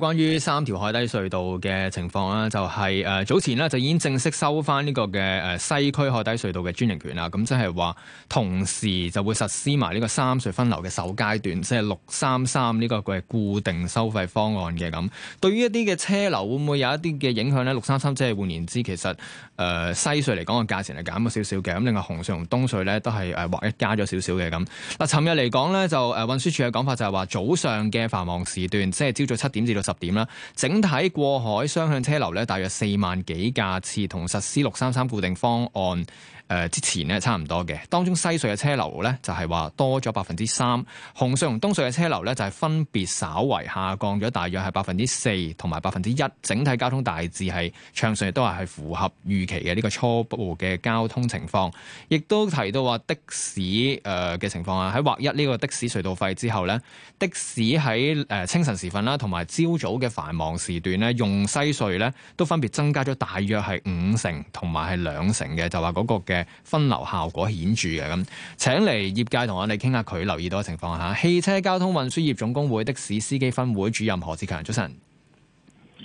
關於三條海底隧道嘅情況啦，就係、是、誒早前咧就已經正式收翻呢個嘅誒西區海底隧道嘅專營權啦。咁即係話同時就會實施埋呢個三隧分流嘅首階段，即係六三三呢個嘅固定收費方案嘅咁。對於一啲嘅車流會唔會有一啲嘅影響咧？六三三即係換言之，其實誒西隧嚟講個價錢係減咗少少嘅。咁另外紅隧同東隧咧都係誒劃一加咗少少嘅咁。嗱，尋日嚟講咧就誒運輸署嘅講法就係話早上嘅繁忙時段，即係朝早七點至到，十點啦，整體過海雙向車流呢，大約四萬幾架次，同實施六三三固定方案。誒、呃、之前咧差唔多嘅，當中西隧嘅車流咧就係、是、話多咗百分之三，紅隧同東隧嘅車流咧就係、是、分別稍為下降咗，大約係百分之四同埋百分之一。整體交通大致係暢順，亦都係符合預期嘅呢、這個初步嘅交通情況。亦都提到話的士誒嘅、呃、情況啊，喺劃一呢個的士隧道費之後咧，的士喺誒清晨時分啦，同埋朝早嘅繁忙時段咧，用西隧咧都分別增加咗大約係五成同埋係兩成嘅，就話嗰個嘅。分流效果顯著嘅咁，請嚟業界同我哋傾下佢留意到嘅情況吓。汽車交通運輸業總工會的士司機分會主任何志強，早晨。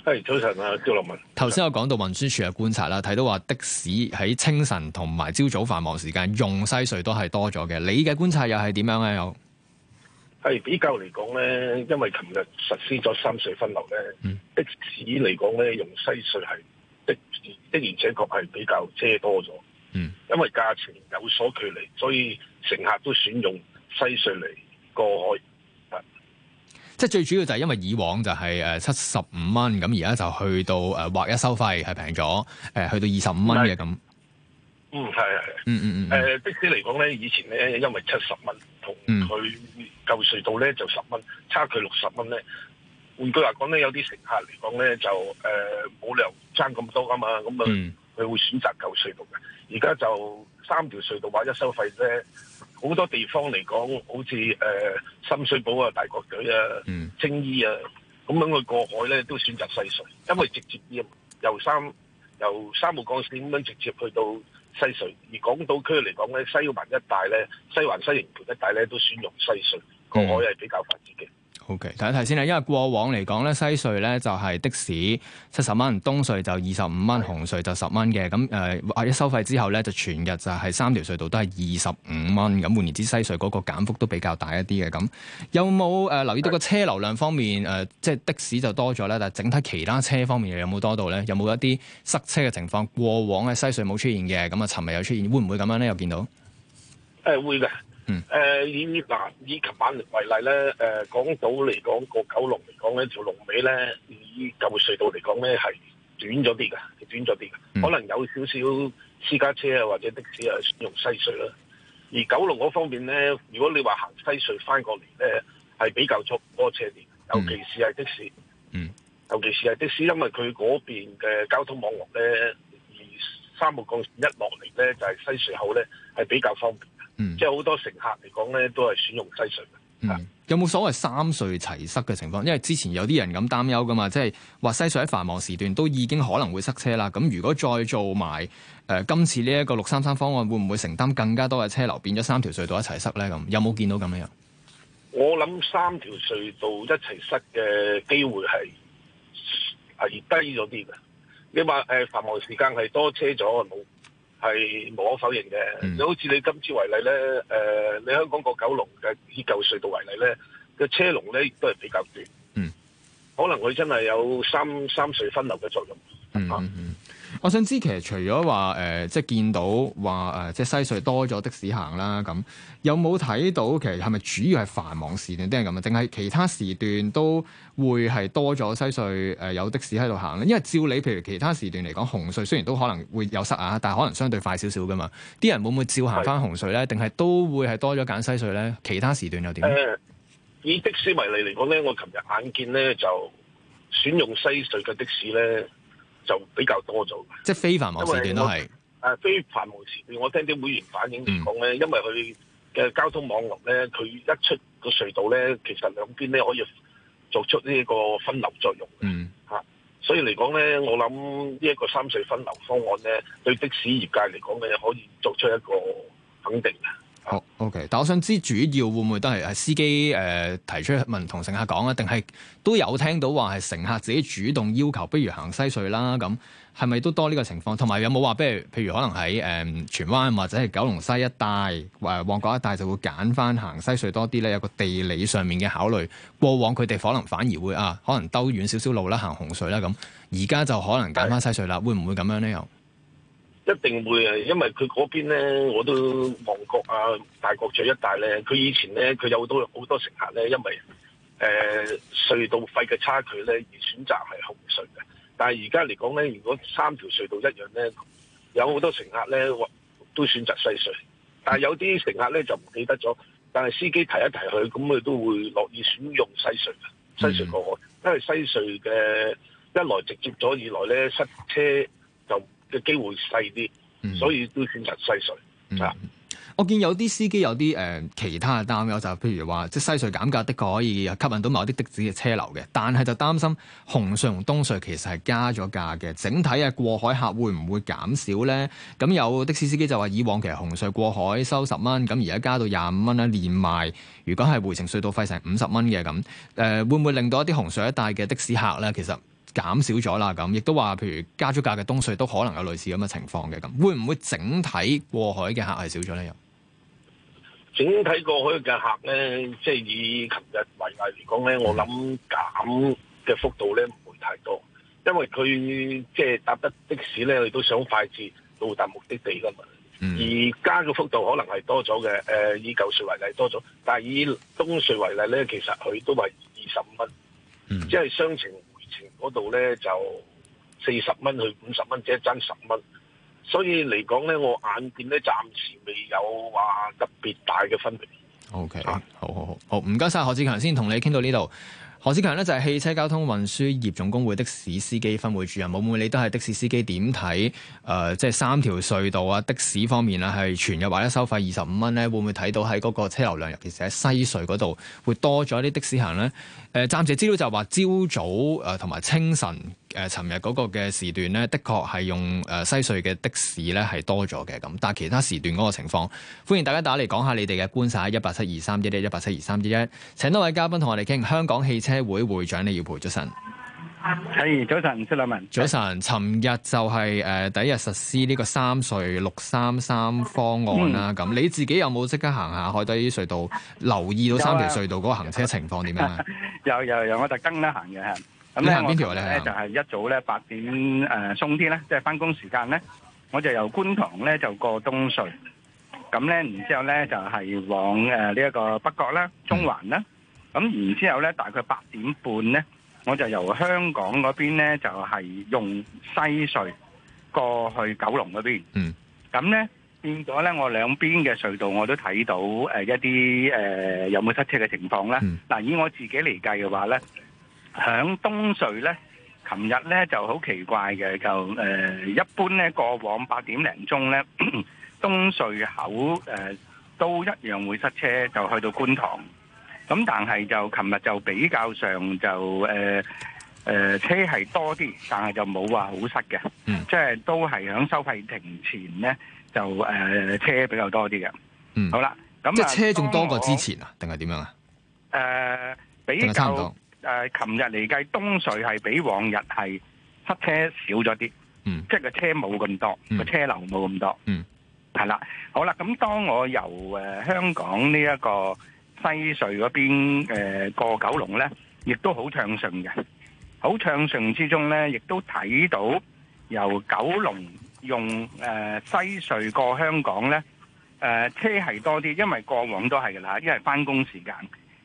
係早晨啊，焦立文。頭先我講到運輸署嘅觀察啦，睇到話的士喺清晨同埋朝早繁忙時間用西隧都係多咗嘅，你嘅觀察又係點樣咧？有係比較嚟講咧，因為琴日實施咗三隧分流咧，嗯，的士嚟講咧用西隧係的的而且確係比較車多咗。嗯，因為價錢有所距離，所以乘客都選用西隧嚟過海。即係最主要就係因為以往就係誒七十五蚊，咁而家就去到誒劃一收費係平咗，誒去到二十五蚊嘅。咁。嗯係係，嗯嗯嗯，誒的士嚟講咧，以前咧因為七十蚊同佢舊隧道咧就十蚊，差距六十蚊咧。換句話講咧，有啲乘客嚟講咧就誒冇、呃、理由爭咁多噶嘛，咁啊。嗯佢會選擇舊隧道嘅。而家就三條隧道或者收費咧，好多地方嚟講，好似誒、呃、深水埗啊、大角咀啊、青衣啊，咁樣去過海咧都選擇西隧，因為直接啲，由三由三號幹線咁樣直接去到西隧，而港島區嚟講咧，西環一帶咧、西環西營盤一帶咧都選用西隧過海係比較快捷嘅。嗯好嘅，第一題先啦，因為過往嚟講咧，西隧咧就係、是、的士七十蚊，東隧就二十五蚊，紅隧就十蚊嘅，咁誒或者收費之後咧，就全日就係三條隧道都係二十五蚊，咁換言之，西隧嗰個減幅都比較大一啲嘅。咁有冇誒、呃、留意到個車流量方面誒，即、呃、係、就是、的士就多咗咧，但係整體其他車方面有冇多到咧？有冇一啲塞車嘅情況？過往喺西隧冇出現嘅，咁啊尋日有出現，會唔會咁樣咧？又見到？誒會嘅。誒、嗯嗯嗯嗯，以嗱以琴晚嚟為例咧，誒、呃、港島嚟講個九龍嚟講咧，條龍尾咧，以舊隧道嚟講咧係短咗啲噶，短咗啲噶，嗯嗯嗯嗯嗯嗯嗯可能有少少私家車啊或者的士啊用西隧啦、啊。而九龍嗰方面咧，如果你話行西隧返過嚟咧，係比較速多個車量，尤其是係的士，尤其是係的士，因為佢嗰邊嘅交通網絡咧，而三號港一落嚟咧就係、是、西隧口咧係比較方便。嗯、即係好多乘客嚟講咧，都係選用西隧嘅。嗯，有冇所謂三隧齊塞嘅情況？因為之前有啲人咁擔憂噶嘛，即係話西隧喺繁忙時段都已經可能會塞車啦。咁如果再做埋誒、呃、今次呢一個六三三方案，會唔會承擔更加多嘅車流，變咗三條隧道一齊塞呢？咁有冇見到咁樣？我諗三條隧道一齊塞嘅機會係係低咗啲嘅。你話誒繁忙時間係多車咗係無可否認嘅。你好似你今次為例咧，誒、呃，你香港個九龍嘅以舊隧道為例咧，個車龍咧亦都係比較短。嗯，可能佢真係有三三隧分流嘅作用，嗯嗯，嗯。啊我想知其實除咗話、呃、即係見到話、呃、即係西隧多咗的士行啦，咁有冇睇到其實係咪主要係繁忙時段啲人咁啊？定係其他時段都會係多咗西隧、呃、有的士喺度行咧？因為照你譬如其他時段嚟講，紅隧雖然都可能會有塞啊，但可能相對快少少㗎嘛。啲人會唔會照行翻紅隧咧？定係都會係多咗揀西隧咧？其他時段又點？呃，以的士為例嚟講咧，我琴日眼見咧就選用西隧嘅的，的士咧。就比較多咗，即係非繁忙時段都係。誒、啊，非繁忙時段，我聽啲會員反映嚟講咧，因為佢嘅交通網絡咧，佢一出個隧道咧，其實兩邊咧可以做出呢一個分流作用嘅，嗯，嚇、啊，所以嚟講咧，我諗呢一個三隧分流方案咧，對的士業界嚟講嘅可以做出一個肯定嘅。好、oh，OK。但我想知主要會唔會都係係司機誒、呃、提出問同乘客講啊？定係都有聽到話係乘客自己主動要求，不如行西隧啦。咁係咪都多呢個情況？同埋有冇話，比如譬如可能喺誒、呃、荃灣或者係九龍西一帶或旺角一帶就會揀翻行西隧多啲咧？有個地理上面嘅考慮，過往佢哋可能反而會啊，可能兜遠少少路啦，行紅隧啦咁。而家就可能揀翻西隧啦，會唔會咁樣咧？又？一定會誒，因為佢嗰邊咧，我都旺角啊、大角咀一帶咧，佢以前咧，佢有好多好多乘客咧，因為誒、呃、隧道費嘅差距咧而選擇係紅隧嘅。但係而家嚟講咧，如果三條隧道一樣咧，有好多乘客咧都選擇西隧。但係有啲乘客咧就唔記得咗，但係司機提一提佢，咁佢都會樂意選用西隧嘅西隧過海，嗯、因為西隧嘅一來直接咗，二來咧塞車就嘅機會細啲，所以都選擇西隧。嗯，我見有啲司機有啲誒、呃、其他嘅擔憂，就譬如話，即係西隧減價的確可以吸引到某啲的士嘅車流嘅，但係就擔心紅隧同東隧其實係加咗價嘅，整體嘅過海客會唔會減少呢？咁有的士司機就話，以往其實紅隧過海收十蚊，咁而家加到廿五蚊啦，連埋如果係回程隧道費成五十蚊嘅咁，誒、呃、會唔會令到一啲紅隧一帶嘅的，的士客呢？其實減少咗啦，咁亦都話，譬如加咗價嘅東隧都可能有類似咁嘅情況嘅，咁會唔會整體過海嘅客係少咗咧？又整體過海嘅客咧，即係以琴日為例嚟講咧，我諗減嘅幅度咧唔會太多，因為佢即係搭的士咧，佢都想快捷到達目的地噶嘛、嗯。而加嘅幅度可能係多咗嘅，誒、以舊隧為例多咗，但係以東隧為例咧，其實佢都係二十五蚊，即係雙程。嗰度咧就四十蚊去五十蚊，只係爭十蚊，所以嚟講咧，我眼見咧暫時未有話特別大嘅分別。OK，好好好好，唔該晒。謝謝何志強先，同你傾到呢度。何志強咧就係汽車交通運輸業,業總工會的士司機分會主任，冇冇？你都係的士司機，點、呃、睇？即、就、係、是、三條隧道啊，的士方面啊，係全日或者收費二十五蚊咧，會唔會睇到喺嗰個車流量，尤其是喺西隧嗰度，會多咗啲的士行咧？誒、呃，暫時資料就係話朝早同埋、呃、清晨。誒，尋日嗰個嘅時段咧，的確係用誒西隧嘅的、的士咧係多咗嘅咁，但係其他時段嗰個情況，歡迎大家打嚟講下你哋嘅觀察，一八七二三一一一八七二三一一。請多位嘉賓同我哋傾。香港汽車會會長李耀培早晨，係早晨，唔該，文。早晨，尋日就係、是、誒、呃、第一日實施呢個三隧六三三方案啦。咁、嗯、你自己有冇即刻行下海底隧道，留意到三條隧道嗰個行車情況點樣有、啊、 有有，有，我特登咧行嘅。咁呢我咧就係一早咧八點誒、呃、松天咧，即係返工時間咧，我就由觀塘咧就過東隧，咁咧然之後咧就係往誒呢一個北角啦、中環啦，咁、嗯、然之後咧大概八點半咧，我就由香港嗰邊咧就係用西隧過去九龍嗰邊。嗯，咁咧變咗咧，我兩邊嘅隧道我都睇到誒一啲誒、呃、有冇塞車嘅情況咧。嗱、嗯，以我自己嚟計嘅話咧。響東隧咧，琴日咧就好奇怪嘅，就誒、呃、一般咧過往八點零鐘咧，東隧口誒、呃、都一樣會塞車，就去到觀塘。咁但係就琴日就比較上就誒誒、呃呃、車係多啲，但係就冇話好塞嘅，即係都係響收費亭前咧就誒、呃、車比較多啲嘅。嗯，好啦，咁即係車仲多過之前啊？定係點樣啊？誒、呃，比較。誒、呃，琴日嚟計，東隧係比往日係黑車少咗啲，mm. 即係個車冇咁多，個、mm. 車流冇咁多，係、mm. 啦，好啦，咁當我由、呃、香港呢一個西隧嗰邊誒、呃、過九龍咧，亦都好暢順嘅，好暢順之中咧，亦都睇到由九龍用、呃、西隧過香港咧，誒、呃、車係多啲，因為過往都係嘅啦，因為返工時間。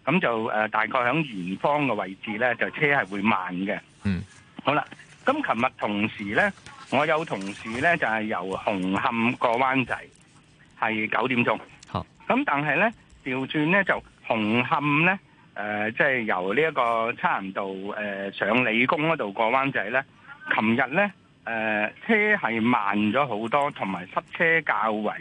咁就、呃、大概喺圓方嘅位置呢，就車係會慢嘅。嗯，好啦，咁琴日同時呢，我有同事呢，就係、是、由紅磡過灣仔，係九點鐘。咁、嗯、但係呢，調轉呢，就紅磡呢，誒、呃，即、就、係、是、由呢一個差唔多誒上理工嗰度過灣仔呢，琴日呢，誒、呃、車係慢咗好多，同埋塞車較為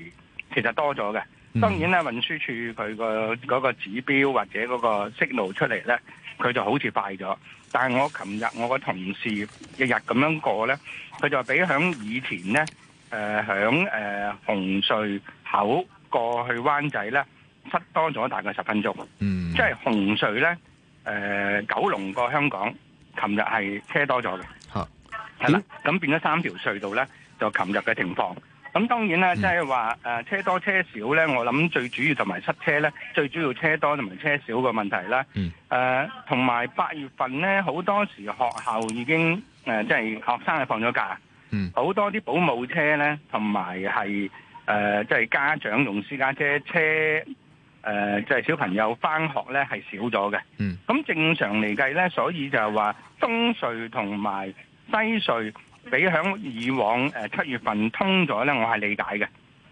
其實多咗嘅。嗯、當然咧，運輸署佢個嗰個指標或者嗰個 signal 出嚟呢，佢就好似快咗。但係我琴日我個同事日日咁樣過呢，佢就話比響以前呢，誒響誒紅隧口過去灣仔呢，塞多咗大概十分鐘。嗯、即係紅隧呢，誒、呃、九龍過香港，琴日係車多咗嘅。嚇，係啦，咁、嗯、變咗三條隧道呢，就琴日嘅情況。咁當然啦，即係話誒車多車少咧，我諗最主要同埋塞車咧，最主要車多同埋車少個問題啦。誒同埋八月份咧，好多時學校已經即係、呃即係、學生係放咗假，好、嗯、多啲保姆車咧同埋係即係家長用私家車車即係、呃即係、小朋友翻學咧係少咗嘅。咁、嗯、正常嚟計咧，所以就話東隧同埋西隧。比響以往誒七、呃、月份通咗咧，我係理解嘅。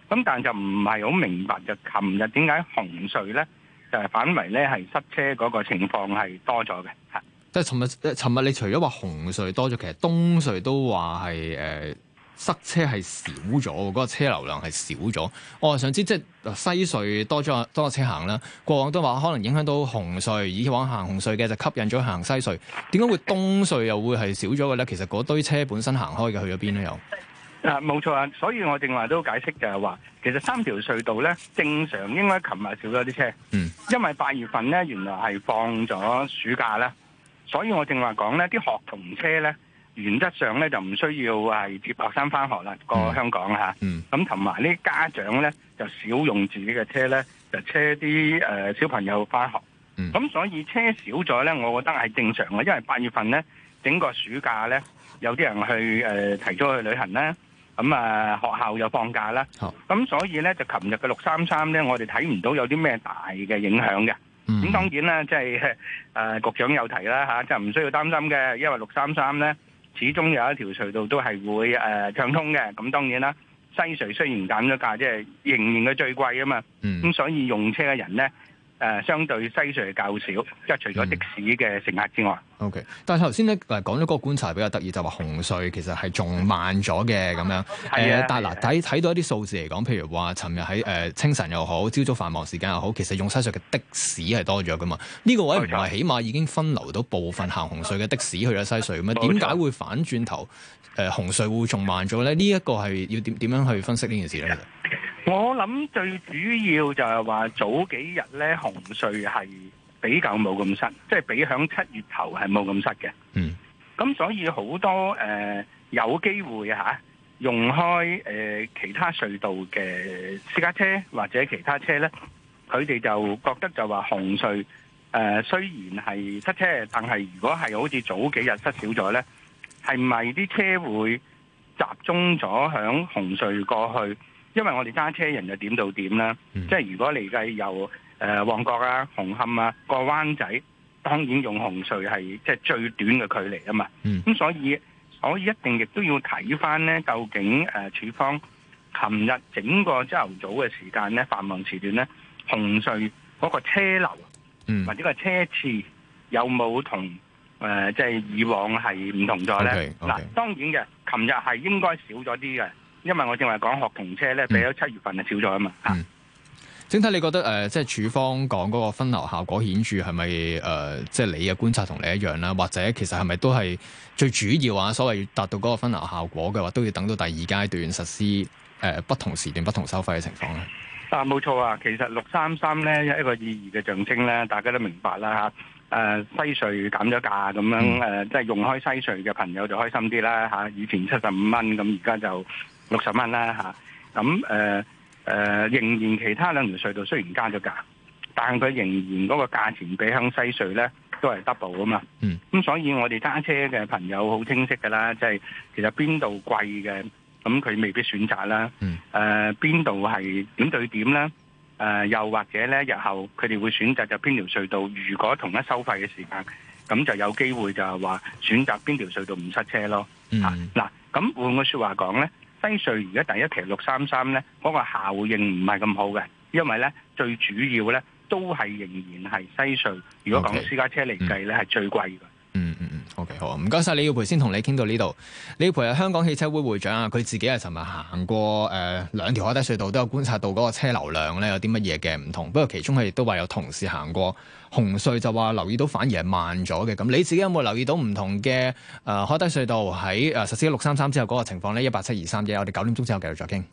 咁但係就唔係好明白，就琴日點解紅隧咧就反為咧係塞車嗰個情況係多咗嘅。係，即係尋日，尋日你除咗話紅隧多咗，其實東隧都話係誒。呃塞車係少咗，嗰個車流量係少咗。我、哦、話想知，即係西隧多咗多個車行啦。過往都話可能影響到紅隧，以往行紅隧嘅就吸引咗行西隧。點解會東隧又會係少咗嘅咧？其實嗰堆車本身行開嘅去咗邊咧？又啊，冇錯啊。所以我正話都解釋就係話，其實三條隧道咧，正常應該琴日少咗啲車。嗯，因為八月份咧，原來係放咗暑假啦，所以我正話講咧，啲學童車咧。原則上咧就唔需要係接學生翻學啦、嗯，過香港嚇。咁同埋啲家長咧就少用自己嘅車咧，就車啲誒、呃、小朋友翻學。咁、嗯、所以車少咗咧，我覺得係正常嘅，因為八月份咧整個暑假咧，有啲人去誒、呃、提早去旅行啦，咁、呃、啊學校又放假啦。咁所以咧就琴日嘅六三三咧，我哋睇唔到有啲咩大嘅影響嘅。咁、嗯、當然啦，即係誒局長有提啦嚇，就、啊、唔需要擔心嘅，因為六三三咧。始終有一條隧道都係會誒暢、呃、通嘅，咁當然啦。西隧雖然減咗價，即係仍然係最貴啊嘛，咁、嗯、所以用車嘅人咧。誒相對西隧較少，即係除咗的士嘅乘客之外。嗯、o、okay. K，但係頭先咧誒講咗個觀察比較得意，就話、是、紅隧其實係仲慢咗嘅咁樣。係啊、呃、啊，但係嗱睇睇到一啲數字嚟講，譬如話尋日喺誒清晨又好，朝早繁忙時間又好，其實用西隧嘅的，的士係多咗噶嘛。呢、這個位唔係起碼已經分流到部分行紅隧嘅的，的士去咗西隧，咁啊點解會反轉頭誒、呃、紅隧會仲慢咗咧？呢、這、一個係要點點樣，樣去分析呢件事咧？其實。我諗最主要就係話早幾日咧，紅隧係比較冇咁塞，即係比響七月頭係冇咁塞嘅。嗯，咁所以好多誒、呃、有機會吓、啊、用開誒、呃、其他隧道嘅私家車或者其他車咧，佢哋就覺得就話紅隧誒雖然係塞車，但係如果係好似早幾日塞少咗咧，係咪啲車會集中咗響紅隧過去？因為我哋揸車人又點到點啦，嗯、即係如果嚟計由誒、呃、旺角啊、紅磡啊過灣仔，當然用紅隧係即係最短嘅距離啊嘛。咁、嗯嗯、所以，所以一定亦都要睇翻咧，究竟誒、呃、處方琴日整個朝頭早嘅時間咧，繁忙時段咧，紅隧嗰個車流、嗯、或者個車次有冇同誒即係以往係唔同咗咧？嗱、okay, okay，當然嘅，琴日係應該少咗啲嘅。因為我正話講學童車咧，比起七月份就少咗啊嘛。嗯。整體你覺得誒、呃，即係處方講嗰個分流效果顯著係咪誒，即、呃、係、就是、你嘅觀察同你一樣啦？或者其實係咪都係最主要啊？所謂達到嗰個分流效果嘅話，都要等到第二階段實施誒、呃、不同時段不同收費嘅情況咧。啊，冇錯啊！其實六三三咧一個意義嘅象徵咧，大家都明白啦嚇。誒、啊，西隧減咗價咁樣誒，即、啊、係用開西隧嘅朋友就開心啲啦嚇。以前七十五蚊咁，而家就～六十蚊啦吓，咁誒誒，仍然其他兩條隧道雖然加咗價，但佢仍然嗰個價錢比向西隧呢都係 double 啊嘛、mm. 嗯就是。嗯，咁所以我哋揸車嘅朋友好清晰噶啦，即係其實邊度貴嘅，咁佢未必選擇啦。嗯、mm. 呃，誒邊度係點對點呢？誒、呃、又或者呢，日後佢哋會選擇就邊條隧道？如果同一收費嘅時間，咁就有機會就係話選擇邊條隧道唔塞車咯。嗯、mm. 啊，嗱，咁換句話說話講呢。西隧而家第一期六三三咧，嗰、那個效應唔係咁好嘅，因為咧最主要咧都係仍然係西隧。如果講私家車嚟計咧，係最貴嘅。嗯嗯嗯，OK 好，唔該晒李耀培先同你傾到呢度。李耀培係香港汽車會會長啊，佢自己啊尋日行過誒兩條海底隧道，都有觀察到嗰個車流量咧有啲乜嘢嘅唔同。不過其中佢亦都話有同事行過。紅隧就話留意到反而係慢咗嘅，咁你自己有冇留意到唔同嘅誒、呃、海底隧道喺誒實施六三三之後嗰個情況咧？一八七二三一。我哋九點鐘之後繼續再傾。